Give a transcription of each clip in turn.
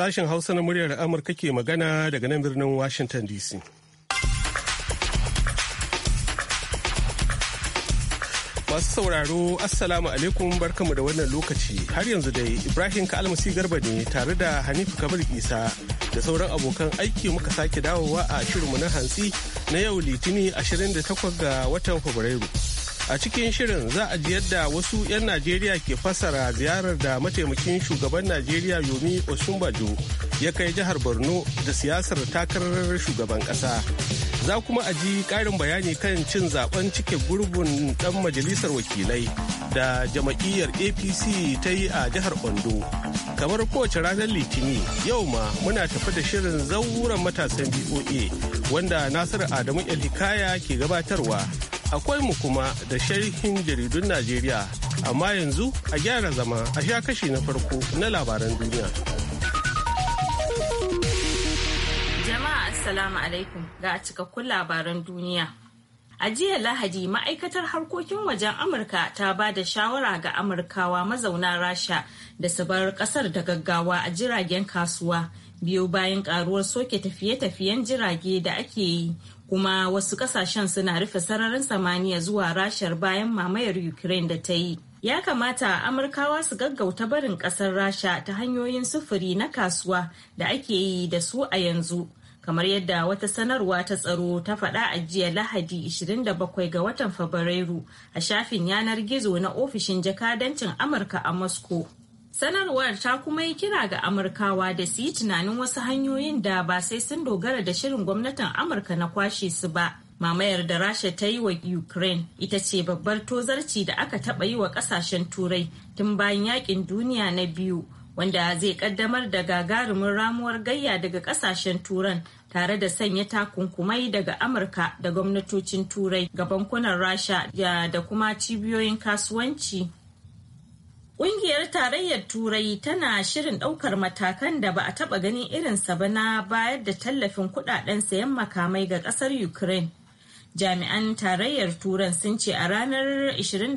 Sashen Hausa na muryar Amurka ke magana daga nan birnin Washington DC. Masu sauraro, Assalamu alaikum barkamu da wannan lokaci. Har yanzu dai Ibrahim Kalmasi Garba ne tare da Hanifu Kabir Isa da sauran abokan aiki muka sake dawowa a shirinmu na hantsi na yau Litini 28 ga watan Fabrairu. a cikin shirin za a ji yadda wasu 'yan najeriya ke fassara ziyarar da mataimakin shugaban najeriya yomi osunbajo ya kai jihar borno da siyasar takarar shugaban kasa za kuma a ji ƙarin bayani kan cin zaben cike gurbin ɗan majalisar wakilai da jama'iyyar apc ta yi a jihar ondo kamar kowace ranar litini yau ma muna tafi da shirin zauren matasan boa wanda nasiru adamu hikaya ke gabatarwa akwai mu kuma da sharhin jaridun Najeriya, amma yanzu a gyara zama a sha kashi na farko na labaran duniya. Jama'a Assalamu alaikum ga cikakkun labaran duniya. A jiya Lahadi ma'aikatar harkokin wajen Amurka ta ba da shawara ga Amurkawa mazauna Rasha da su bar kasar da gaggawa a jiragen kasuwa biyo bayan karuwar soke tafiye-tafiyen jirage da ake yi kuma wasu kasashen suna rufe sararin samaniya zuwa rashar bayan mamayar ukraine da ta yi ya kamata amurkawa su gaggauta barin kasar rasha ta hanyoyin sufuri na kasuwa da ake yi da su a yanzu kamar yadda wata sanarwa ta tsaro ta faɗa a jiya lahadi 27 ga watan fabrairu a shafin yanar gizo na ofishin jakadancin amurka a moscow Sanarwar ta kuma yi kira ga Amurkawa da su yi tunanin wasu hanyoyin da ba sai sun dogara da shirin gwamnatin Amurka na kwashe su ba. Mamayar da Rasha ta yi wa Ukraine ita ce babbar tozarci da aka taɓa yi wa kasashen Turai tun bayan yakin duniya na biyu, wanda zai kaddamar da gagarumin ramuwar gayya daga kasashen Turan tare da sanya takunkumai daga Amurka da gwamnatocin Turai ga bankunan Rasha da kuma cibiyoyin kasuwanci Ƙungiyar Tarayyar Turai tana shirin ɗaukar matakan da ba a taɓa ganin sa ba na bayar da tallafin kuɗaɗen sayan makamai ga ƙasar Ukraine. jami'an tarayyar turan sun ce a ranar 27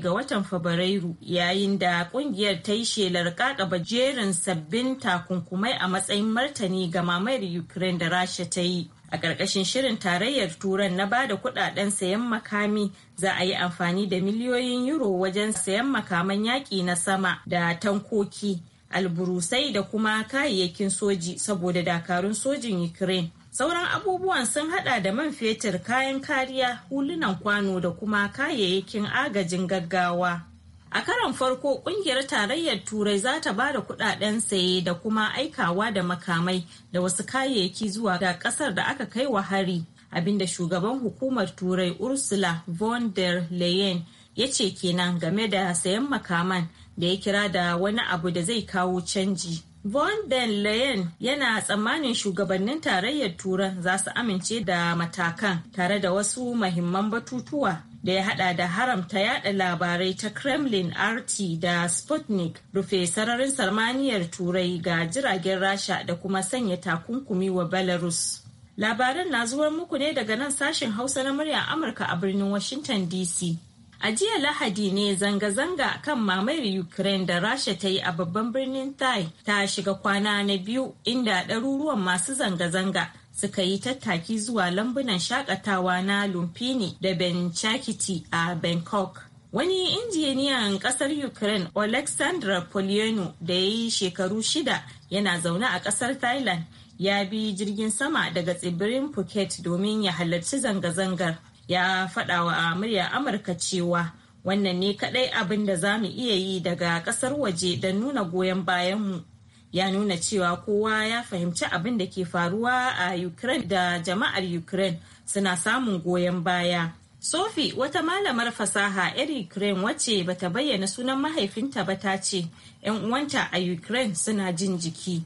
ga watan fabrairu yayin da ƙungiyar ta yi shelar ƙaƙaba jerin sabbin takunkumai a matsayin martani ga mamayar ukraine da rasha ta yi a ƙarƙashin shirin tarayyar turan na ba da kudaden sayan makami za a yi amfani da miliyoyin euro wajen sayan makaman yaƙi na sama da tankoki alburusai da kuma kayayyakin soji saboda dakarun sojin ukraine sauran abubuwan sun hada da man fetur kayan kariya hulunan kwano da kuma kayayyakin agajin gaggawa A karon farko kungiyar tarayyar Turai za ta ba da kudaden saye da kuma aikawa da makamai da wasu kayayyaki zuwa ga kasar da aka kai wa hari abinda shugaban hukumar Turai Ursula von der Leyen ya ce kenan game da sayan makaman da ya kira da wani abu da zai kawo canji. Von der Leyen yana tsammanin shugabannin tarayyar Turan za su amince da matakan tare da wasu mahimman batutuwa da ya hada da haramta yada labarai ta kremlin rt da sputnik rufe sararin salmaniyar turai ga jiragen rasha da kuma sanya takunkumi wa belarus labaran na zuwar muku ne daga nan sashen hausa na muryar amurka a birnin washington dc A jiya Lahadi ne zanga-zanga kan mamayar Ukraine da Rasha ta yi a babban birnin Thai ta shiga kwana na biyu inda ɗaruruwan masu zanga-zanga suka yi tattaki zuwa lambunan shakatawa na Lumpini da Benchakiti a Bangkok. Wani injiniyan kasar Ukraine alexandra Polyenu da ya yi shekaru shida yana zaune a kasar Thailand ya bi jirgin sama daga tsibirin Phuket domin ya halarci zanga-zangar. Ya fadawa wa murya Amurka cewa wannan ne kadai abin da za mu iya yi daga kasar waje don nuna goyon bayanmu ya nuna cewa kowa ya fahimci abin da ke faruwa a ukraine da jama'ar ukraine suna samun goyon baya sophie wata malamar fasaha 'yar ukraine wacce bata bayyana sunan mahaifinta ba ta ce 'yan uwanta a ukraine suna jin jiki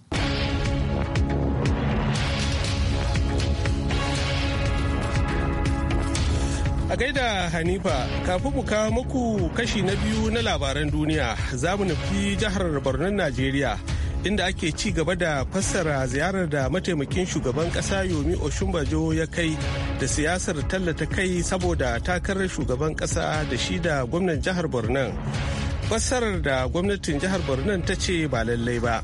A gaida Hanifa, kafin mu kawo muku kashi na biyu na labaran duniya, za mu nufi jihar Borno, Najeriya. inda ake ci gaba da fassara ziyarar da mataimakin shugaban kasa yomi Oshunbajo ya kai da siyasar tallata kai saboda takarar shugaban kasa da shi da gwamnan jihar borno fassarar da gwamnatin jihar borno ta ce ba lallai ba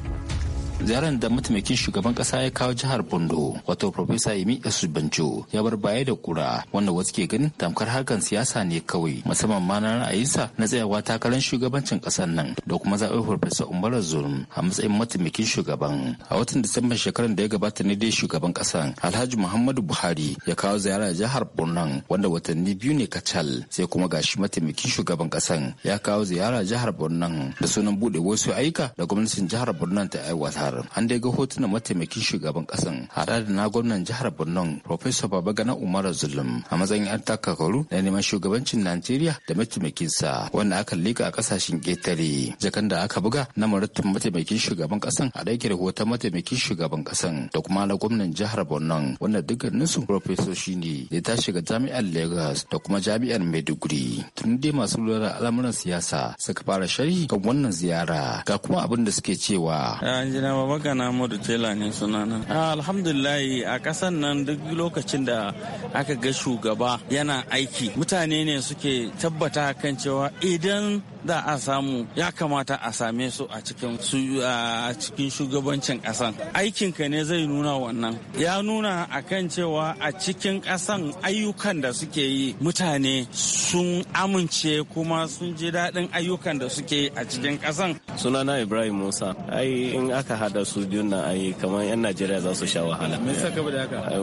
ziyarar da mataimakin shugaban kasa ya kawo jihar bondo wato profesa yemi banjo ya bar baya da kura wanda wasu ke ganin tamkar harkar siyasa ne kawai musamman ma na ra'ayinsa na tsayawa takarar shugabancin kasar nan da kuma zaɓar farfesa umar zulum a matsayin mataimakin shugaban a watan disamban shekarar da ya gabata ne dai shugaban kasar alhaji muhammadu buhari ya kawo ziyara jihar borno wanda watanni biyu ne kacal sai kuma gashi mataimakin shugaban kasar ya kawo ziyara jihar borno da sunan buɗe wasu ayyuka da gwamnatin jihar borno ta aiwatar jihar an dai ga hotunan mataimakin shugaban kasan hada da na gwamnan jihar borno professor Gana umar zulum a matsayin yan takakaru na neman shugabancin najeriya da mataimakin sa, wanda aka lika a kasashen ƙetare jakan da aka buga na maratun mataimakin shugaban kasan a ɗauke rahoton mataimakin shugaban kasan da kuma na gwamnan jihar borno wanda dukkaninsu professor ne da ta shiga jami'ar lagos da kuma jami'ar maiduguri tun dai masu lura da al'amuran siyasa suka fara sharhi kan wannan ziyara ga kuma abin da suke cewa an Abubakar Ahmadu Tela ne sunana. Ah, alhamdulillah a ƙasan nan duk lokacin da aka ga shugaba yana aiki mutane ne suke tabbata kan cewa idan da a samu ya kamata a same su a cikin cikin shugabancin ƙasan aikinka ne zai nuna wannan ya nuna a kan cewa a cikin ƙasan ayyukan da suke yi mutane sun amince kuma sun ji daɗin ayyukan da suke yi a cikin ƙasan sunana ibrahim musa ai in aka hada su biyun nan ayi kamar yan najeriya za su sha wahala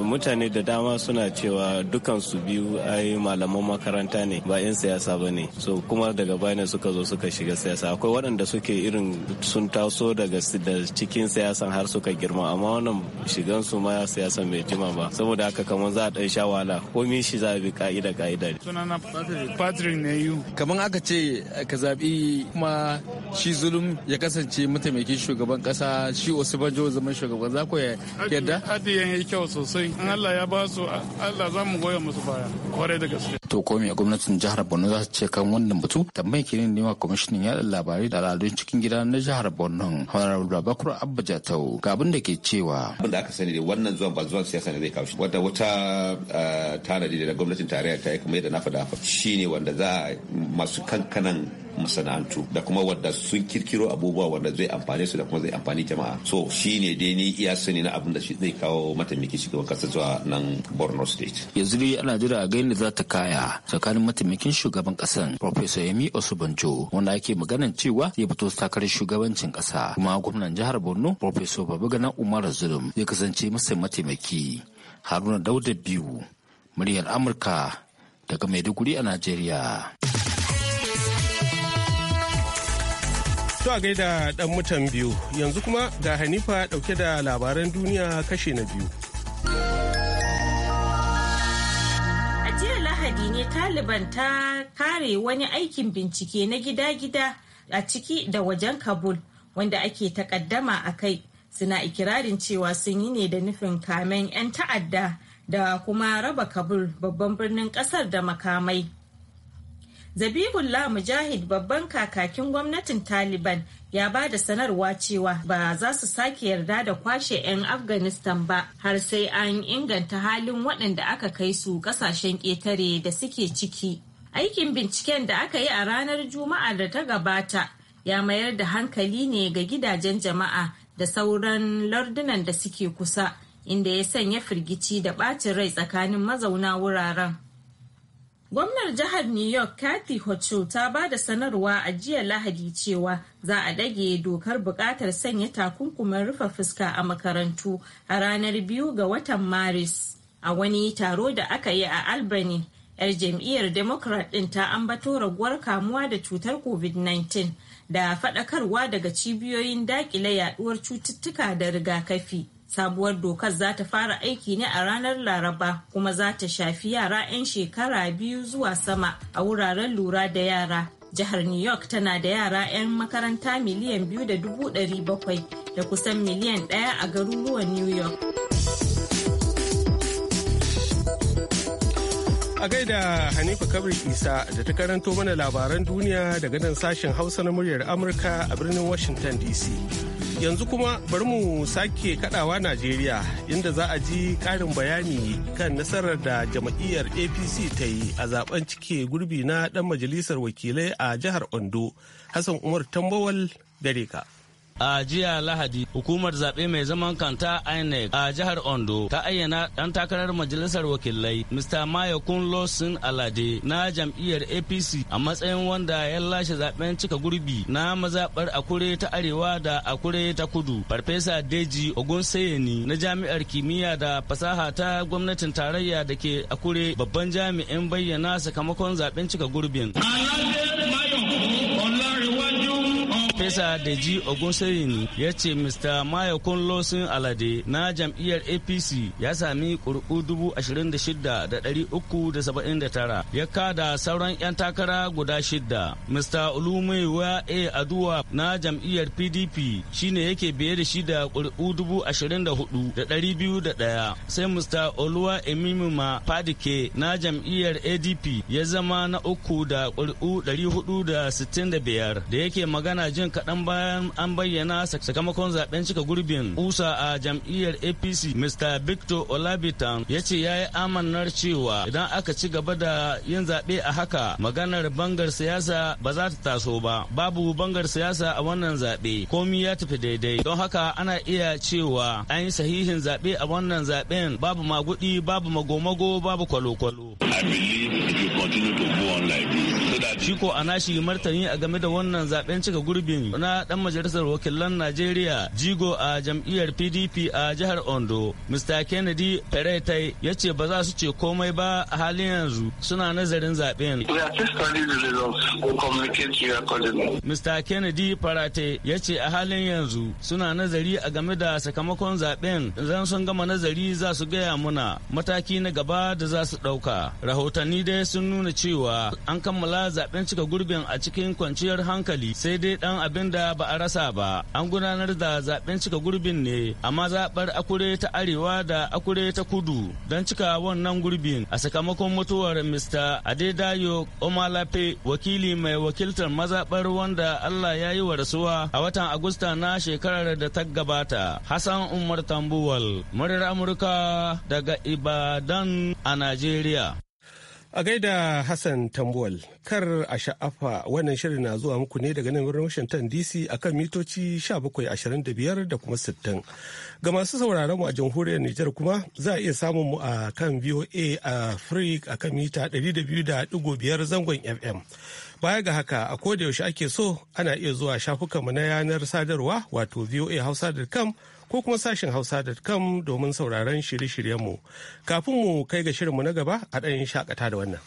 mutane da dama suna cewa dukan su biyu ayi malaman makaranta ne ba yan siyasa ba ne so kuma daga baya suka zo suka shiga siyasa akwai waɗanda suke irin sun taso daga cikin siyasan har suka girma amma wannan shigan su ma siyasan bai jima ba saboda haka kamar za a ɗan sha wahala komai shi za a bi ka'ida ka'ida kamar aka ce ka zaɓi kuma shi zulum ya kasance mataimakin shugaban kasa. shi shi Osibanjo zaman shugaban za ku yadda? Adiyan yan yi kyau sosai. In Allah ya ba su Allah za mu goya musu baya. Kwarai da gaske. To ko me gwamnatin jihar Borno za su ce kan wannan batu? Tambayi ke ne wa kwamishinan yaɗa labarai da al'adun cikin gida na jihar Borno. Honorable Babakur Abba Jatau ga abin da ke cewa. Abin da aka sani da wannan zuwan ba zuwan siyasa ne zai kawo shi. Wata wata ah, tanadi da gwamnatin tarayya ta yi kuma yadda na faɗa ne wanda za a masu kankanan masana'antu da kuma wadda sun kirkiro abubuwa wanda zai amfane su da kuma zai amfani jama'a so shine dai ni iya sani na abin da shi zai kawo mataimakin shugaban kasa zuwa nan borno state yanzu dai ana jira a ga yadda za ta kaya tsakanin mataimakin shugaban kasan professor yemi osubanjo wanda ake maganan cewa zai fito takarar shugabancin kasa kuma gwamnan jihar borno professor babagana umar zulum zai kasance masa mataimaki haruna dauda biyu muryar amurka daga maiduguri a najeriya To a gaida dan mutan biyu yanzu kuma ga Hanifa ɗauke da labaran duniya kashe na biyu. A jiya Lahadi ne Taliban ta kare wani aikin bincike na gida-gida a ciki da wajen Kabul wanda ake takaddama a kai suna ikirarin cewa sun yi ne da nufin kamen 'yan ta'adda da kuma raba Kabul babban birnin kasar da makamai. zabihullah mujahid babban kakakin gwamnatin taliban ya ba da sanarwa cewa ba za su sake yarda da kwashe 'yan afghanistan ba har sai an inganta halin waɗanda aka kai su ƙasashen ƙetare da suke ciki aikin binciken da aka yi a ranar juma'a da ta gabata ya mayar da hankali ne ga gidajen jama'a da sauran lardunan da suke kusa inda ya sanya firgici da ɓacin rai tsakanin mazauna wuraren Gwamnar jihar New York Kathy Hochul ta ba da sanarwa a jiya Lahadi cewa za a dage dokar buƙatar sanya takunkumin rufe fuska a makarantu a ranar biyu ga watan Maris. A wani taro da aka yi a Albany, 'yar jam'iyyar Democrat ɗin ta ambato raguwar kamuwa da cutar COVID-19 da faɗakarwa daga cibiyoyin daƙile yaɗuwar cututtuka da rigakafi. sabuwar dokar za ta fara aiki ne a ranar laraba kuma za ta shafi yara 'yan shekara biyu zuwa sama a wuraren lura da yara jihar new york tana da yara 'yan makaranta miliyan biyu da dubu ɗari bakwai da kusan miliyan daya a garuruwan new york a gaida hanifa kabir isa da ta karanto mana labaran duniya daga nan sashen hausa na muryar amurka a birnin washington dc yanzu kuma bari mu sake kadawa Najeriya inda za a ji karin bayani kan nasarar da jama'iyyar APC ta yi a zaben cike gurbi na dan majalisar wakilai a jihar Ondo, Hassan Umar Tambawal gare ka. a jiya lahadi hukumar zaɓe mai zaman kanta inec a jihar ondo ta ayyana ɗan takarar majalisar wakilai mr mayo kunlosin alade na jam'iyyar apc a matsayin wanda ya lashe zaɓen cika gurbi na mazaɓar akure ta arewa da akure ta kudu farfesa deji ogunseyeni na jami'ar kimiyya da fasaha ta gwamnatin tarayya da ke akure babban jami'in bayyana sakamakon zaɓen cika gurbin. Alade Mayo farfesa deji ogunseyin ya ce mr maya kunlosin alade na jam'iyyar apc ya sami ƙuri'u dubu ashirin da shida da dari uku da saba'in da tara ya kada sauran 'yan takara guda shida mr wa a aduwa na jam'iyyar pdp shine yake biye da shi da ƙuri'u dubu ashirin da hudu da dari biyu da ɗaya sai mr oluwa emimima fadike na jam'iyyar adp ya zama na uku da ƙuri'u dari hudu da sittin da biyar da yake magana jin kaɗan bayan an bayyana sakamakon zaɓen cika gurbin kusa a jam'iyyar apc mr victor olabitan ya ce ya yi amannar cewa idan aka ci gaba da yin zaɓe a haka maganar bangar siyasa ba za ta taso ba babu bangar siyasa a wannan zaɓe komi ya tafi daidai don haka ana iya cewa an yi sahihin zaɓe a wannan zaɓen babu maguɗi. babu magomago babu kwalokwalo. I believe if you continue to go on like this, Shi ko a nashi martani a game da wannan zaben cika gurbin na dan majalisar wakilan Najeriya jigo a jam'iyyar PDP a jihar Ondo, Mr. Kennedy Peretai ya ce ba za su ce komai ba a halin yanzu suna nazarin zaben. Mr. Kennedy Parate ya ce a halin yanzu suna nazari a game da sakamakon zaben zan sun gama nazari za su gaya muna mataki na gaba da za su ɗauka. Rahotanni dai sun nuna cewa an kammala zaben cika gurbin a cikin kwanciyar hankali sai dai dan abin da ba a rasa ba an gudanar da zaben cika gurbin ne a mazabar akure ta arewa da akure ta kudu don cika wannan gurbin a sakamakon mutuwar mr adedayo omalape wakili mai wakiltar mazabar wanda allah ya yi wa rasuwa a watan agusta na shekarar da ta gabata hassan umar tambuwal murar amurka daga ibadan a najeriya A gaida Hassan Tambuwal, kar a sha'afa wannan shirin na zuwa muku ne daga nan birnin Washington DC kan mitoci 1725 da kuma 60. Ga masu sauraron mu a jamhuriyar Nijar kuma za a iya samun mu a kan VOA a Freak a kan mita 200.5 zangon FM. Baya ga haka a koda yaushe ake so ana iya zuwa shafukanmu na yanar sadarwa wato VOA voahausa.com ko kuma sashen hausa.com domin sauraron shirye-shiryenmu. Kafin mu kai ga shirinmu na gaba a ɗayan shakata da wannan.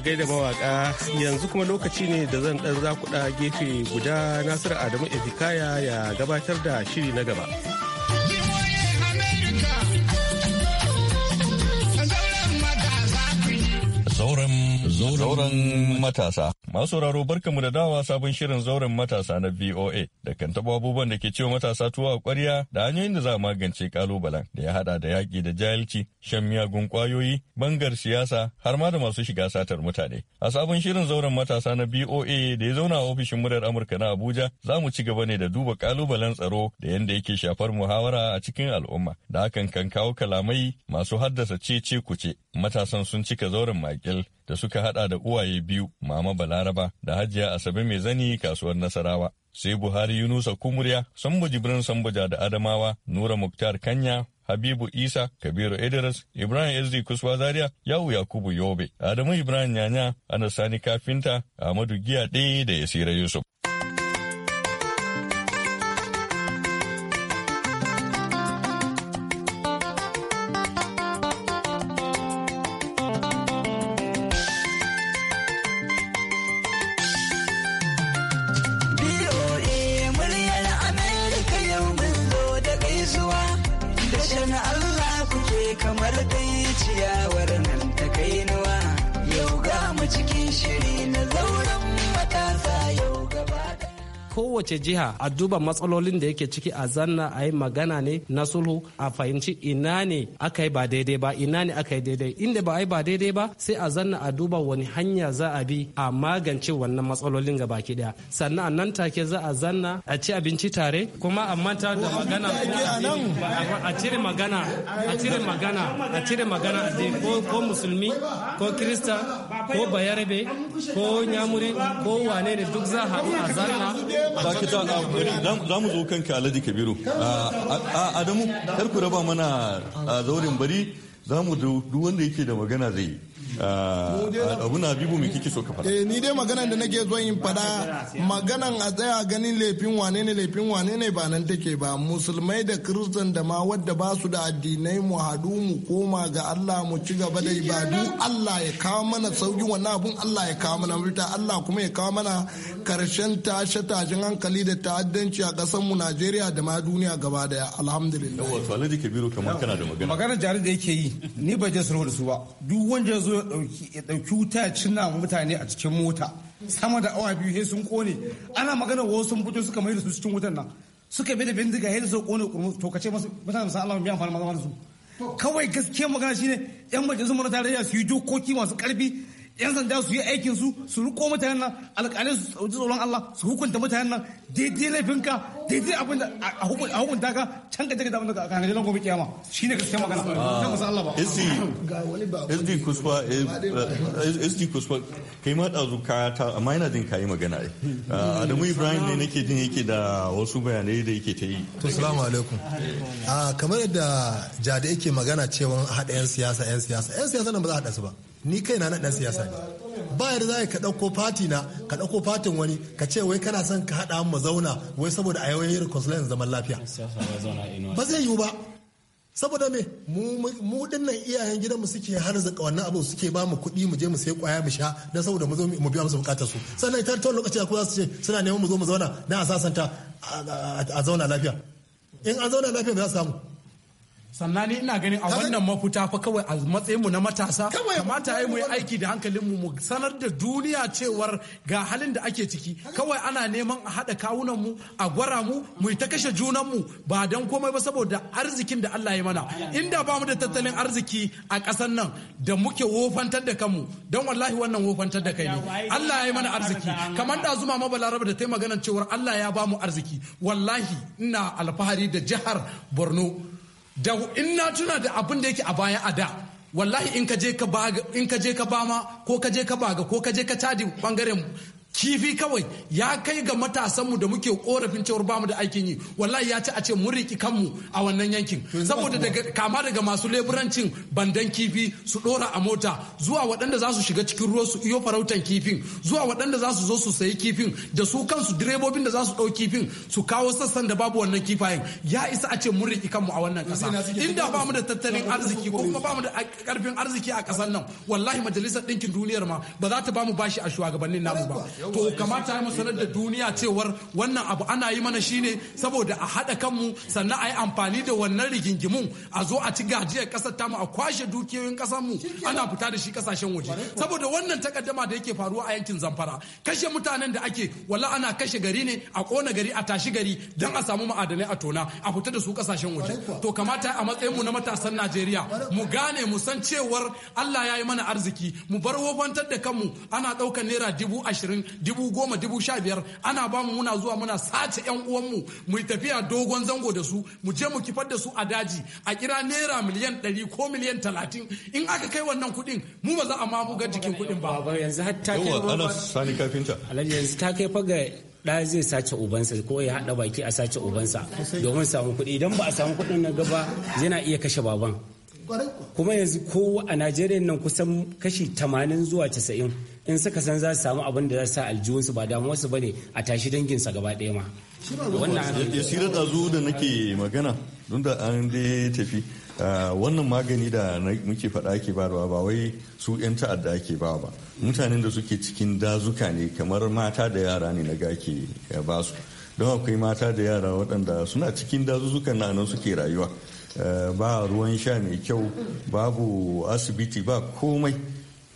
gai gaida mawaka yanzu kuma lokaci ne da zan dan zakuɗa gefe guda nasiru adamu efikaya ya gabatar da shiri na gaba zauren matasa Masu raro barkamu da dawa sabon shirin zauren matasa na VOA da kan taɓa abubuwan da ke cewa matasa tuwa a ƙwarya da hanyoyin da za a magance kalubalen da ya haɗa da yaƙi da jahilci, shan miyagun ƙwayoyi, bangar siyasa har ma da masu shiga satar mutane. A sabon shirin zauren matasa na VOA da ya zauna a ofishin murar Amurka na Abuja za mu ci gaba ne da duba kalubalen tsaro da yadda yake shafar muhawara a cikin al'umma da hakan kan kawo kalamai masu haddasa ce-ce ku kuce. Matasan sun cika zauren makil da suka haɗa da uwaye biyu, Mama Bala Laraba da Hajiya Asabe mai zani kasuwar Nasarawa. Sai Buhari Yunusa Kumurya, Sambo Jibrin Sambuja da Adamawa, Nura Muktar Kanya, Habibu Isa, Kabiru Idris, Ibrahim SD Kuswa Zaria, Yawu Yakubu Yobe, Adamu Ibrahim Nyanya, Anasani Kafinta, Ahmadu Giya ɗaya da Yasira Yusuf. kowace jiha a duba matsalolin da yake ciki a zanna a yi magana ne na sulhu a fahimci ina ne aka yi ba daidai ba ina ne aka yi daidai inda ba a yi ba daidai ba sai a zanna a duba wani hanya za a bi a magance wannan matsalolin ga baki daya sannan a nan take za a zanna a ci abinci tare kuma a manta da magana a cire magana a cire magana a cire magana ko musulmi ko kirista ko bayarabe ko nyamuri ko wane ne duk za a zanna dakita za mu zo kanka alhaji kabiru adamu kar ku raba mana zaurin bari za mu duk wanda yake da magana zai yi abun habibu mai kike so ka faɗa eh, ni dai maganan da nake zo yin faɗa maganan a tsaya ganin laifin wane ne laifin wane ne ba nan take ba musulmai da kristan da ma wadda ba su da addinai mu haɗu mu koma ga Allah mu ci gaba da ibadu Allah ya kawo mana sauki wannan abun Allah ya kawo mana mafita Allah kuma ya kawo mana karshen tashe tashen hankali da ta'addanci a ƙasar mu Najeriya da ma duniya gaba daya alhamdulillah wato Alhaji Kabiru kamar kana da magana Maganar jari da yake yi ni ba je sulhu da su ba duk wanda ya zo ɗauki wuta cina mutane a cikin mota sama da awa biyu he sun kone ana magana wasu sun fito suka mai da su cikin wutan nan suka bi da bindiga sai su kone kurmus to kace masu mutane san Allah biya amfani magana su kawai gaskiya magana shine yan majalisun mu na tarayya su yi dokoki masu karfi yan sanda su yi aikin su su riko mutanen nan alƙalai su tsoron Allah su hukunta mutanen nan daidai laifinka daidai abin da a hukunta ka can ka jirga da ka hanyar gobe kiyama shi ne gaskiyar magana ah. kan musa Allah ba SD kuswa eh, eh, SD kuswa kai ma ɗazu ka ta amma yana jin kayi magana eh. ai ah, Adamu Ibrahim ne nake jin yake da wasu bayanai da yake ta yi to assalamu alaikum ah, kamar yadda jada yake magana cewa haɗa 'yan siyasa 'yan siyasa 'yan siyasa nan ba za a su ba ni kai na ɗan siyasa ne ba yadda za ka ɗauko fati na ka ɗauko fatin wani ka ce wai kana son ka haɗa mu zauna wai saboda a wai reconciliation zaman lafiya ba zai yiwu ba saboda me mu dinnan iyayen gidanmu suke harzika wannan abu suke ba mu kuɗi mu je mu sai kwaya mu sha don saboda mu zo mu biya musu bukatar su sannan ita tawon lokaci akwai su ce suna neman mu zo mu zauna don a sasanta a zauna lafiya in an zauna lafiya ba za su samu sannan ni ina ganin a wannan mafuta fa kawai a matsayinmu na matasa kamata ai mu yi aiki da hankalinmu mu sanar da duniya cewar ga halin da ake ciki kawai ana neman a haɗa kawunanmu a gwara mu mu ta kashe junan mu ba don komai ba saboda arzikin da Allah ya mana inda ba mu da tattalin arziki a ƙasar nan da muke wofantar da kanmu don wallahi wannan wofantar da kai ne Allah ya yi mana arziki kamar da zuma ma balaraba da ta yi cewar Allah ya ba mu arziki wallahi ina alfahari da jihar Borno da in na tuna da abin da yake a baya a da wallahi in ka je ka ba ma ko ka je ka baga ko ka je ka tadi bangaren kifi kawai ya kai ga matasanmu da muke korafin cewar bamu da aikin yi wallahi ya ci a ce mun riki kanmu a wannan yankin saboda daga kama daga masu leburancin bandan kifi su dora a mota zuwa waɗanda za su shiga cikin ruwa su iyo farautan kifin zuwa waɗanda za su zo su sayi kifin da su kansu direbobin da za su ɗau kifin su kawo sassan da babu wannan kifayen ya isa a ce mun riki kanmu a wannan ƙasa inda ba mu da tattalin arziki ko kuma ba da ƙarfin arziki a ƙasar nan wallahi majalisar ɗinkin duniyar ma ba za ta ba mu bashi a shugabannin namu ba to kamata mu sanar da duniya cewar wannan abu ana yi mana shine saboda a haɗa kanmu sannan a yi amfani da wannan rigingimun a zo a ci gajiyar ƙasar tamu a kwashe dukiyoyin ƙasar mu ana fita da shi kasashen waje saboda wannan takaddama da yake faruwa a yankin zamfara kashe mutanen da ake wala ana kashe gari ne a ƙona gari a tashi gari don a samu ma'adanai a tona a fita da su kasashen waje to kamata a matsayin mu na matasan Najeriya mu gane mu san cewar Allah ya yi mana arziki mu bar wofantar da kanmu ana ɗaukar naira dubu ashirin dubu goma dubu sha biyar ana ba mu muna zuwa muna sace yan uwanmu mu tafiya dogon zango da su mu je mu kifar da su a daji a kira naira miliyan ɗari ko miliyan talatin in aka kai wannan kuɗin mu ba za a mamu ga jikin kuɗin ba. yanzu har ta kai yanzu ta kai fa ga ɗa zai sace ubansa ko ya haɗa baki a sace ubansa domin samu kuɗi idan ba a samu kuɗin na gaba yana iya kashe baban kuma yanzu kowa a najeriya nan kusan kashi 80 zuwa 90 in suka san za su samu abin da za su sa aljihunsu ba wasu ba ne a tashi danginsa gaba ɗaya ma. wannan ya sira da zu da nake magana don da an da tafi wannan magani da muke faɗa ake ba ba wai su 'yan ta'adda ake ba ba mutanen da suke cikin dazuka ne kamar mata da yara ne na gake ba su don akwai mata da yara waɗanda suna cikin dazuzzukan na nan suke rayuwa ba ruwan sha mai kyau babu asibiti ba komai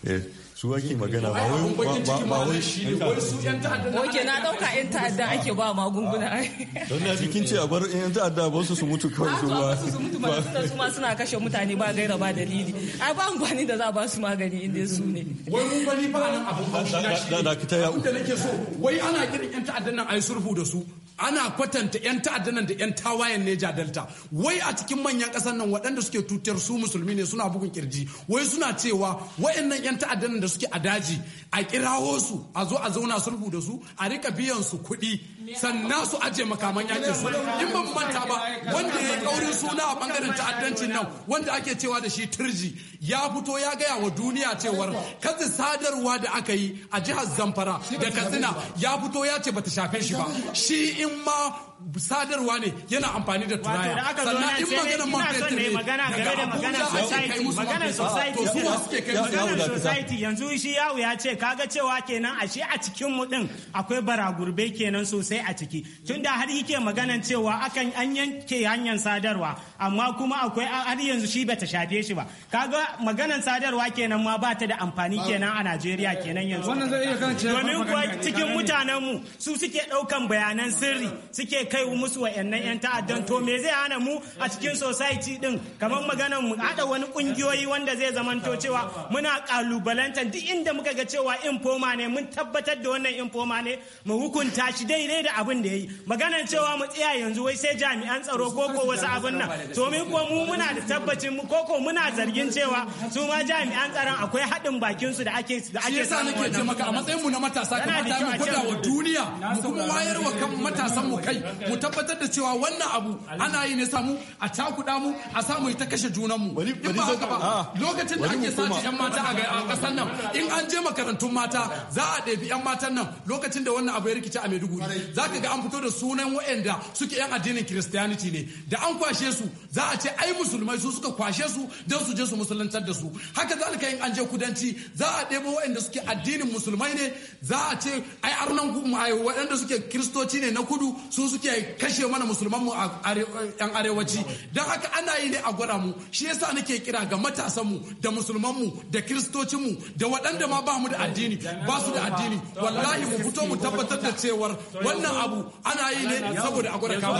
eh, su ake magana ba wai ba wai shi wai su yan ta'adda oke na dauka yan ta'adda ake ba magunguna ah. don na jikin ce a bar yan ta'adda ba su su mutu kawai su ah, ba su mutu ba su ma suna kashe mutane ba gaira ba dalili ai ba amfani da za ba su magani inda su ne wai mun bari ba nan abun ba shi da da kita ya da nake so wai ana kiran yan ta'addan nan ai surfu da su ana kwatanta 'yan ta'adda nan da 'yan tawayen neja delta wai a cikin manyan ƙasar nan waɗanda suke tutar su musulmi ne suna bugun kirji wai suna cewa wayannan 'yan ta'adda nan da suke a daji a kirawo su a zo a zauna sulhu da su a rika biyan su kuɗi sannan su aje makaman yakin su in ban manta ba wanda ya kaurin suna a bangaren ta'addancin nan wanda ake cewa da shi turji ya fito ya gaya wa duniya cewar kazi sadarwa da aka yi a jihar zamfara da katsina ya fito ya ce bata shafe shi ba shi 吗？sadarwa ne yana amfani da turaya sannan in magana man fetur magana game da maganar society maganar society maganar society yanzu shi yawo ya ce kaga cewa kenan ashe a cikin mu din akwai baragurbe kenan sosai a ciki tun da har yake maganan cewa akan an yanke hanyar sadarwa amma kuma akwai har yanzu shi bata shafe shi ba kaga maganan sadarwa kenan ma ba ta da amfani kenan a Najeriya kenan yanzu domin kuwa cikin mutanen mu su suke daukan bayanan sirri suke kai musu wa'annan 'yan ta'addan to me zai hana mu a cikin society din kamar maganar mu haɗa wani ƙungiyoyi wanda zai zamanto cewa muna kalubalanta duk inda muka ga cewa infoma ne mun tabbatar da wannan infoma ne mu hukunta shi daidai da abin da ya yi maganar cewa mu tsaya yanzu wai sai jami'an tsaro koko wasu abin nan to mu ko mu muna da tabbacin mu koko muna zargin cewa su ma jami'an tsaron akwai haɗin bakin su da ake da ake sa nake ce maka a matsayin mu na matasa ta mu gwada wa duniya mu kuma wayar wa kan matasan mu kai mu tabbatar da cewa wannan abu ana yi ne samu a cakuɗa mu a samu ta kashe junan mu in ba haka ba ah. lokacin da ake sace yan mata a kasan nan in an je makarantun mata za a ɗebi yan matan nan lokacin da wannan abu ya rikice a Maiduguri za ka ga an fito da sunan waɗanda suke yan addinin Christianity ne da an kwashe su za a ce ai musulmai su suka kwashe su don su je su musulantar da su haka zalika in an je kudanci za a ɗebo waɗanda suke addinin musulmai ne za a ce ai arnan waɗanda suke kiristoci ne na kudu su suke suke kashe mana musulman mu yan arewaci don haka ana yi ne a gwada mu shi yasa nake kira ga matasan mu da musulman mu da kiristocin mu da waɗanda ma bamu da addini ba su da addini wallahi mu fito mu tabbatar da cewar wannan abu ana yi ne saboda a gwada kawo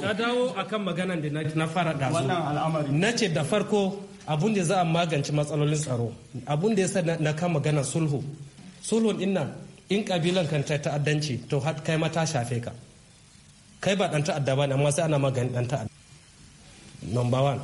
ta dawo akan maganan da na fara da na ce da farko abun da za a magance matsalolin tsaro abun da yasa na kama maganar sulhu sulhun din in kabilan kan ta ta'addanci to kai ma ta shafe ka kai ba dan ta'adda ba ne amma sai ana magani dan ta'adda number one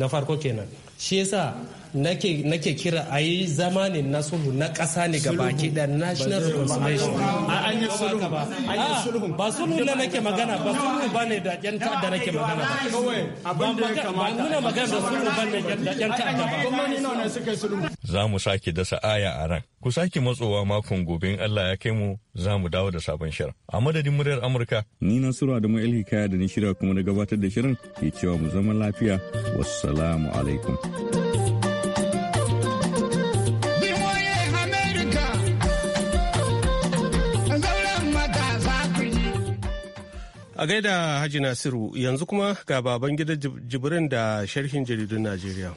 na farko kenan shi yasa nake nake kira a yi zama ne na sulhu na ƙasa ne ga baki da national reconciliation a an yi sulhu ba sulhu na ah, nake magana ba sulhu ba ne da yan ta'adda nake magana ba nuna magana da sulhu ba ne da yan ta'adda ba za mu sake dasa aya a ran ku sake matsowa makon gobe in Allah ya kai mu za mu dawo da sabon shirin a madadin muryar Amurka ni na sura da mu ilhikaya da ni shirya kuma na gabatar da shirin ke cewa mu zama lafiya wassalamu alaikum A gaida Haji Nasiru yanzu kuma ga baban gida jibrin da sharhin jaridun Najeriya.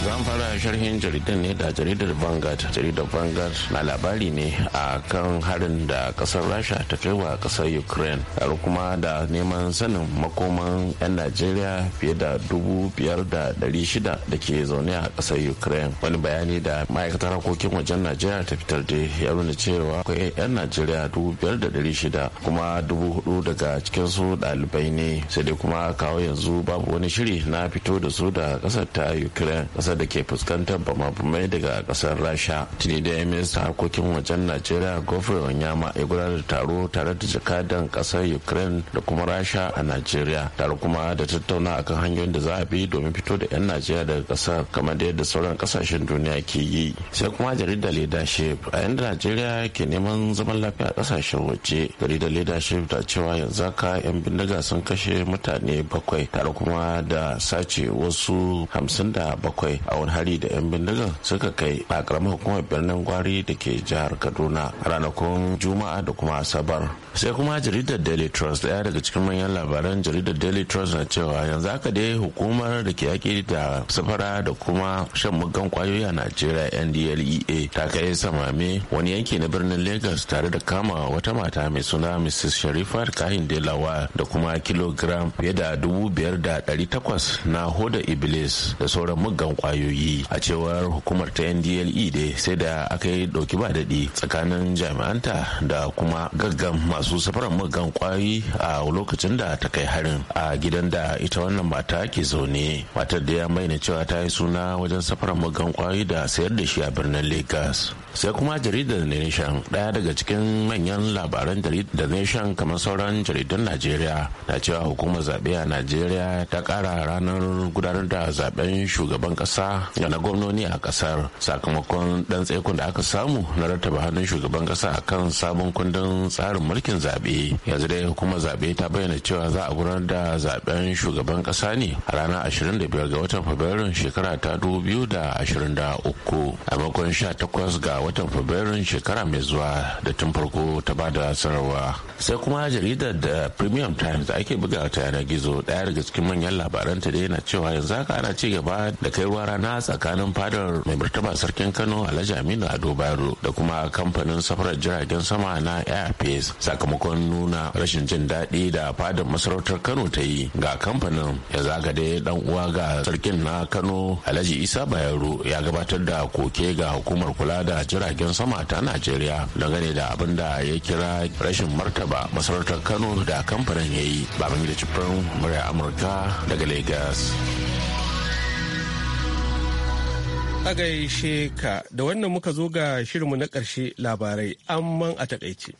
zan fara sharhin jaridar ne da jaridar vanguard jaridar vanguard na labari ne a kan harin da kasar rasha ta kai wa kasar ukraine tare kuma da neman sanin makoman 'yan najeriya fiye da dubu biyar da dari shida da ke zaune a kasar ukraine wani bayani da ma'aikatar harkokin wajen najeriya ta fitar da ya nuna cewa akwai 'yan najeriya dubu biyar da dari shida kuma dubu hudu daga cikinsu ɗalibai ne sai dai kuma kawo yanzu babu wani shiri na fito da su da kasar ta ukraine kasar da ke fuskantar bamabamai daga kasar rasha tuni da ya minista harkokin wajen najeriya gofre wanyama ya gudanar da taro tare da jakadan kasar ukraine da kuma rasha a najeriya tare kuma da tattauna akan hanyoyin da za a bi domin fito da 'yan najeriya daga ƙasar kamar da yadda sauran kasashen duniya ke yi sai kuma jaridar leadership a yanda najeriya ke neman zaman lafiya a kasashen waje jaridar leadership ta cewa yanzu haka 'yan bindiga sun kashe mutane bakwai tare kuma da sace wasu hamsin da bakwai a wani hari da 'yan bindigar suka kai a karamar hukumar birnin gwari da ke jihar kaduna ranakun juma'a da kuma asabar sai kuma jaridar daily trust daya daga cikin manyan labaran jaridar daily trust na cewa yanzu aka dai hukumar da ke yaƙi da safara da kuma shan mugan kwayoyi a najeriya ndlea ta kai samame wani yanki na birnin lagos tare da kama wata mata mai suna mrs sharifat kahin delawa da kuma kilogram fiye da dubu biyar da ɗari takwas na hoda iblis da sauran mugan kwayoyi kwayoyi a cewar hukumar ta ndle dai sai da aka yi dauki ba daɗi tsakanin jami'anta da kuma gaggan masu safarar magan kwayoyi a lokacin da ta kai harin a gidan da ita wannan mata ke zaune matar da ya bayyana cewa ta yi suna wajen safarar magan kwayoyi da sayar da shi a birnin lagos sai kuma jaridar the nation daya daga cikin manyan labaran jaridar the nation kamar sauran jaridun najeriya na cewa hukumar zaɓe a najeriya ta ƙara ranar gudanar da zaben shugaban ƙasa ga na gwamnoni a ƙasar sakamakon ɗan tsaikon da aka samu na rattaba hannun shugaban ƙasa a kan sabon kundin tsarin mulkin zaɓe yanzu dai hukumar zaɓe ta bayyana cewa za a gudanar da zaben shugaban ƙasa ne a ranar ashirin da biyar ga watan fabrairun shekara ta dubu biyu da da ashirin uku, a makon takwas ga a watan fabrairun shekara mai zuwa da tun farko ta ba da sanarwa sai kuma jaridar da premium times da ake buga ta yanar gizo daya daga cikin manyan labaran ta daina yana cewa yanzu haka ana ci gaba da kai ruwa rana tsakanin fadar mai martaba sarkin kano alhaji aminu ado bayero da kuma kamfanin safarar jiragen sama na airpace sakamakon nuna rashin jin daɗi da fadar masarautar kano ta yi ga kamfanin yanzu haka dai dan uwa ga sarkin na kano alhaji isa bayero ya gabatar da koke ga hukumar kula da jiragen sama ta najeriya dangane da abin da ya kira rashin martaba masarautar kano da kamfanin ya yi babin da cifrin murya amurka daga lagos a gaishe ka da wannan muka zo ga shirinmu na ƙarshe labarai amman a taƙaice.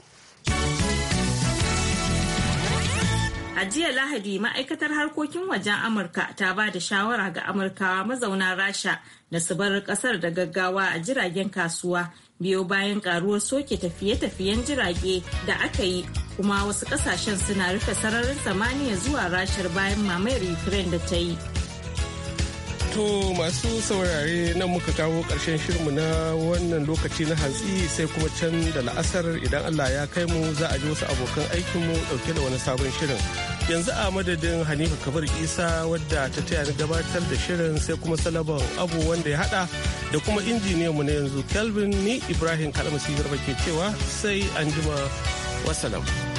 A jiya Lahadi ma'aikatar harkokin wajen Amurka ta ba da shawara ga Amurkawa mazauna Rasha da su bar kasar da gaggawa a jiragen kasuwa biyo bayan karuwar soke tafiye-tafiyen jirage da aka yi kuma wasu kasashen suna rufe sararin samaniya zuwa rashar bayan mamayar Ukraine da ta yi. To masu saurare nan muka kawo ƙarshen shirinmu na wannan lokaci na hantsi sai kuma can da la'asar idan Allah ya kai mu za a ji wasu abokan aikinmu ɗauke da wani sabon shirin. Yanzu a madadin Hanifa Kabar Isa wadda ta taya ni gabatar da shirin sai kuma salaban abu wanda ya haɗa da kuma injiniyanmu na yanzu Kelvin ni Ibrahim Kalamasi Garba ke cewa sai anjima jima wasalam.